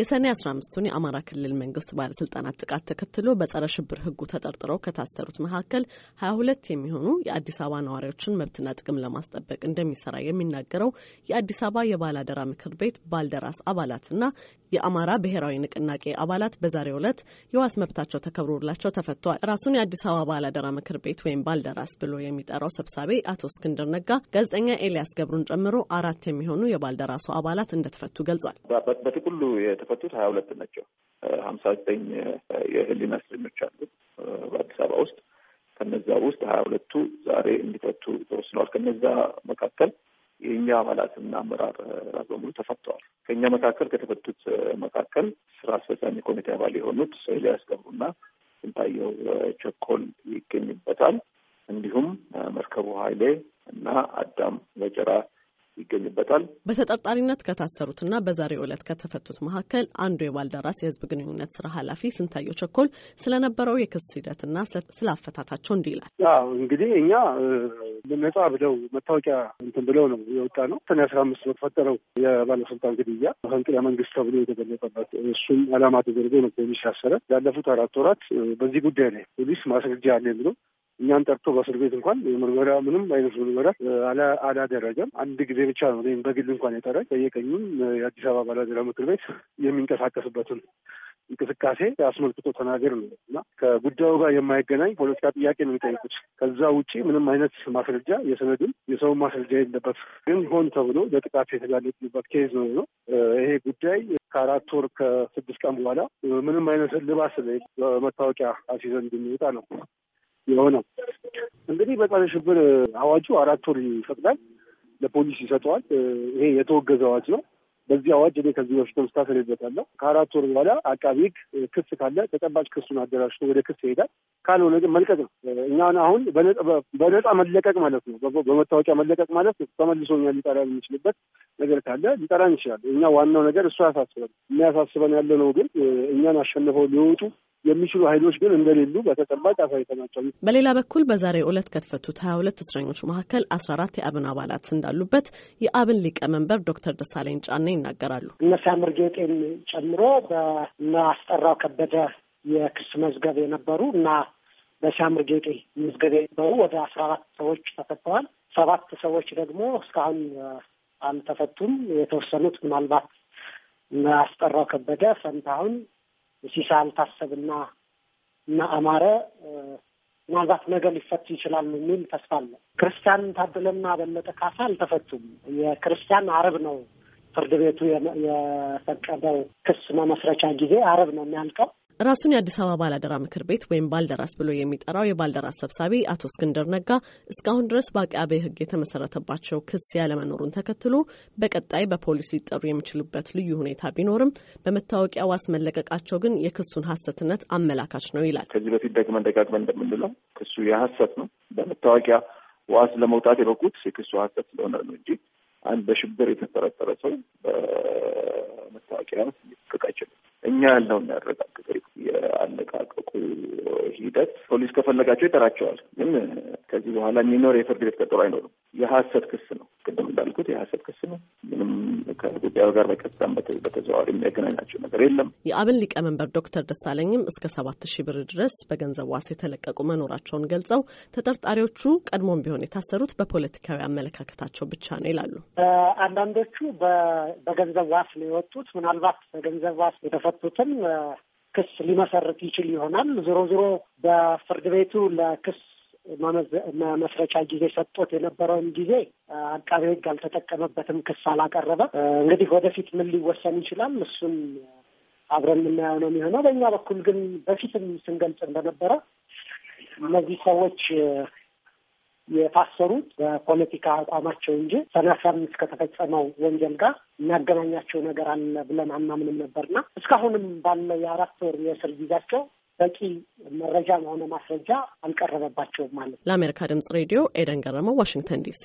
የሰኔ 15ቱን የአማራ ክልል መንግስት ባለስልጣናት ጥቃት ተከትሎ በጸረ ሽብር ህጉ ተጠርጥረው ከታሰሩት መካከል 22 የሚሆኑ የአዲስ አበባ ነዋሪዎችን መብትና ጥቅም ለማስጠበቅ እንደሚሰራ የሚናገረው የአዲስ አበባ የባላደራ ምክር ቤት ባልደራስ አባላትና የአማራ ብሔራዊ ንቅናቄ አባላት በዛሬው ዕለት የዋስ መብታቸው ተከብሮላቸው ተፈቷል። ራሱን የአዲስ አበባ ባላደራ ምክር ቤት ወይም ባልደራስ ብሎ የሚጠራው ሰብሳቢ አቶ እስክንድር ነጋ ጋዜጠኛ ኤልያስ ገብሩን ጨምሮ አራት የሚሆኑ የባልደራሱ አባላት እንደተፈቱ ገልጿል። በጥቅሉ የተፈቱት ሀያ ሁለት ናቸው። ሀምሳ ዘጠኝ የህሊና እስረኞች አሉ በአዲስ አበባ ውስጥ ከነዛ ውስጥ ሀያ ሁለቱ ዛሬ እንዲፈቱ ተወስነዋል። ከነዛ መካከል የእኛ አባላትና አመራር በሙሉ ተፈተዋል። ከእኛ መካከል ከተፈቱት መካከል ስራ አስፈጻሚ ኮሚቴ አባል የሆኑት ኤልያስ ገብሩና ስንታየው ቸኮል ይገኝበታል። እንዲሁም መርከቡ ኃይሌ እና አዳም በጀራ ይገኝበታል። በተጠርጣሪነት ከታሰሩትና በዛሬው ዕለት ከተፈቱት መካከል አንዱ የባልደራስ የህዝብ ግንኙነት ስራ ኃላፊ ስንታየው ቸኮል ስለነበረው የክስ ሂደትና ስለአፈታታቸው እንዲህ ይላል። እንግዲህ እኛ ነጻ ብለው መታወቂያ እንትን ብለው ነው የወጣ ነው ሰኔ አስራ አምስት በተፈጠረው የባለስልጣን ግድያ መፈንቅለ መንግስት ተብሎ የተገለጠበት እሱም አላማ ተደርጎ ነው ፖሊስ ያሰረ። ያለፉት አራት ወራት በዚህ ጉዳይ ላይ ፖሊስ ማስረጃ አለ ብሎ እኛን ጠርቶ በእስር ቤት እንኳን የምርመራ ምንም አይነት ምርመራ አላደረገም። አንድ ጊዜ ብቻ ነው ወይም በግል እንኳን የጠረግ በየቀኙም የአዲስ አበባ ባላደራ ምክር ቤት የሚንቀሳቀስበትን እንቅስቃሴ አስመልክቶ ተናገር ነው እና ከጉዳዩ ጋር የማይገናኝ ፖለቲካ ጥያቄ ነው የሚጠይቁት። ከዛ ውጭ ምንም አይነት ማስረጃ የሰነድም የሰውን ማስረጃ የለበት። ግን ሆን ተብሎ ለጥቃት የተጋለጡበት ኬዝ ነው ነው ይሄ ጉዳይ ከአራት ወር ከስድስት ቀን በኋላ ምንም አይነት ልባስ መታወቂያ አስይዘን እንድንወጣ ነው የሆነው። እንግዲህ በጸረ ሽብር አዋጁ አራት ወር ይፈቅዳል፣ ለፖሊስ ይሰጠዋል። ይሄ የተወገዘ አዋጅ ነው። በዚህ አዋጅ እኔ ከዚህ በፊት ተሳፍሬበታለሁ። ከአራት ወር በኋላ አቃቢ ሕግ ክስ ካለ ተጨባጭ ክሱን አደራጅቶ ወደ ክስ ይሄዳል። ካልሆነ ግን መልቀቅ ነው። እኛን አሁን በነፃ መለቀቅ ማለት ነው፣ በመታወቂያ መለቀቅ ማለት ነው። ተመልሶ እኛ ሊጠራ የሚችልበት ነገር ካለ ሊጠራን ይችላል። እኛ ዋናው ነገር እሱ አያሳስበን፣ የሚያሳስበን ያለ ነው ግን እኛን አሸንፈው ሊወጡ የሚችሉ ኃይሎች ግን እንደሌሉ በተጨባጭ አሳይተናቸው። በሌላ በኩል በዛሬ ዕለት ከተፈቱት ሀያ ሁለት እስረኞች መካከል አስራ አራት የአብን አባላት እንዳሉበት የአብን ሊቀመንበር ዶክተር ደሳለኝ ጫኔ ይናገራሉ። እነ ሳምር ጌጤን ጨምሮ በእነ አስጠራው ከበደ የክስ መዝገብ የነበሩ እና በሳምር ጌጤ መዝገብ የነበሩ ወደ አስራ አራት ሰዎች ተፈተዋል። ሰባት ሰዎች ደግሞ እስካሁን አልተፈቱም። የተወሰኑት ምናልባት አስጠራው ከበደ፣ ፈንታሁን ሲሳን ና እና አማረ ምናልባት ነገ ሊፈቱ ይችላሉ የሚል ተስፋ አለ። ክርስቲያን ታደለና በለጠ ካሳ አልተፈቱም። የክርስቲያን አረብ ነው ፍርድ ቤቱ የፈቀደው ክስ መመስረቻ ጊዜ አረብ ነው የሚያልቀው። ራሱን የአዲስ አበባ ባላደራ ምክር ቤት ወይም ባልደራስ ብሎ የሚጠራው የባልደራስ ሰብሳቢ አቶ እስክንድር ነጋ እስካሁን ድረስ በአቃቤ ሕግ የተመሰረተባቸው ክስ ያለመኖሩን ተከትሎ በቀጣይ በፖሊስ ሊጠሩ የሚችሉበት ልዩ ሁኔታ ቢኖርም በመታወቂያ ዋስ መለቀቃቸው ግን የክሱን ሀሰትነት አመላካች ነው ይላል። ከዚህ በፊት ደግመን ደጋግመን እንደምንለው ክሱ የሀሰት ነው። በመታወቂያ ዋስ ለመውጣት የበቁት የክሱ ሀሰት ስለሆነ ነው እንጂ አንድ በሽብር የተጠረጠረ ሰው በመታወቂያ ሊጠየቅ አይችልም። እኛ ያልነውን ያረጋግጥ አለቃቀቁ ሂደት ፖሊስ ከፈለጋቸው ይጠራቸዋል። ግን ከዚህ በኋላ የሚኖር የፍርድ ቤት ቀጠሮ አይኖርም። የሀሰት ክስ ነው። ቅድም እንዳልኩት የሀሰት ክስ ነው። ምንም ከጉዳዩ ጋር በቀጥታም በተዘዋዋሪ የሚያገናኛቸው ነገር የለም። የአብን ሊቀመንበር ዶክተር ደሳለኝም እስከ ሰባት ሺህ ብር ድረስ በገንዘብ ዋስ የተለቀቁ መኖራቸውን ገልጸው ተጠርጣሪዎቹ ቀድሞም ቢሆን የታሰሩት በፖለቲካዊ አመለካከታቸው ብቻ ነው ይላሉ። አንዳንዶቹ በገንዘብ ዋስ ነው የወጡት። ምናልባት በገንዘብ ዋስ የተፈቱትም። ክስ ሊመሰርት ይችል ይሆናል። ዞሮ ዞሮ በፍርድ ቤቱ ለክስ መመስረቻ ጊዜ ሰጥቶት የነበረውን ጊዜ አቃቤ ሕግ አልተጠቀመበትም። ክስ አላቀረበ። እንግዲህ ወደፊት ምን ሊወሰን ይችላል እሱን አብረን የምናየው ነው የሚሆነው። በእኛ በኩል ግን በፊትም ስንገልጽ እንደነበረ እነዚህ ሰዎች የታሰሩት በፖለቲካ አቋማቸው እንጂ ሰኔ አስራ አምስት ከተፈጸመው ወንጀል ጋር የሚያገናኛቸው ነገር አለ ብለን አናምንም ነበርና እስካሁንም ባለ የአራት ወር የእስር ጊዜያቸው በቂ መረጃ ሆነ ማስረጃ አልቀረበባቸውም ማለት ነው። ለአሜሪካ ድምጽ ሬዲዮ ኤደን ገረመው፣ ዋሽንግተን ዲሲ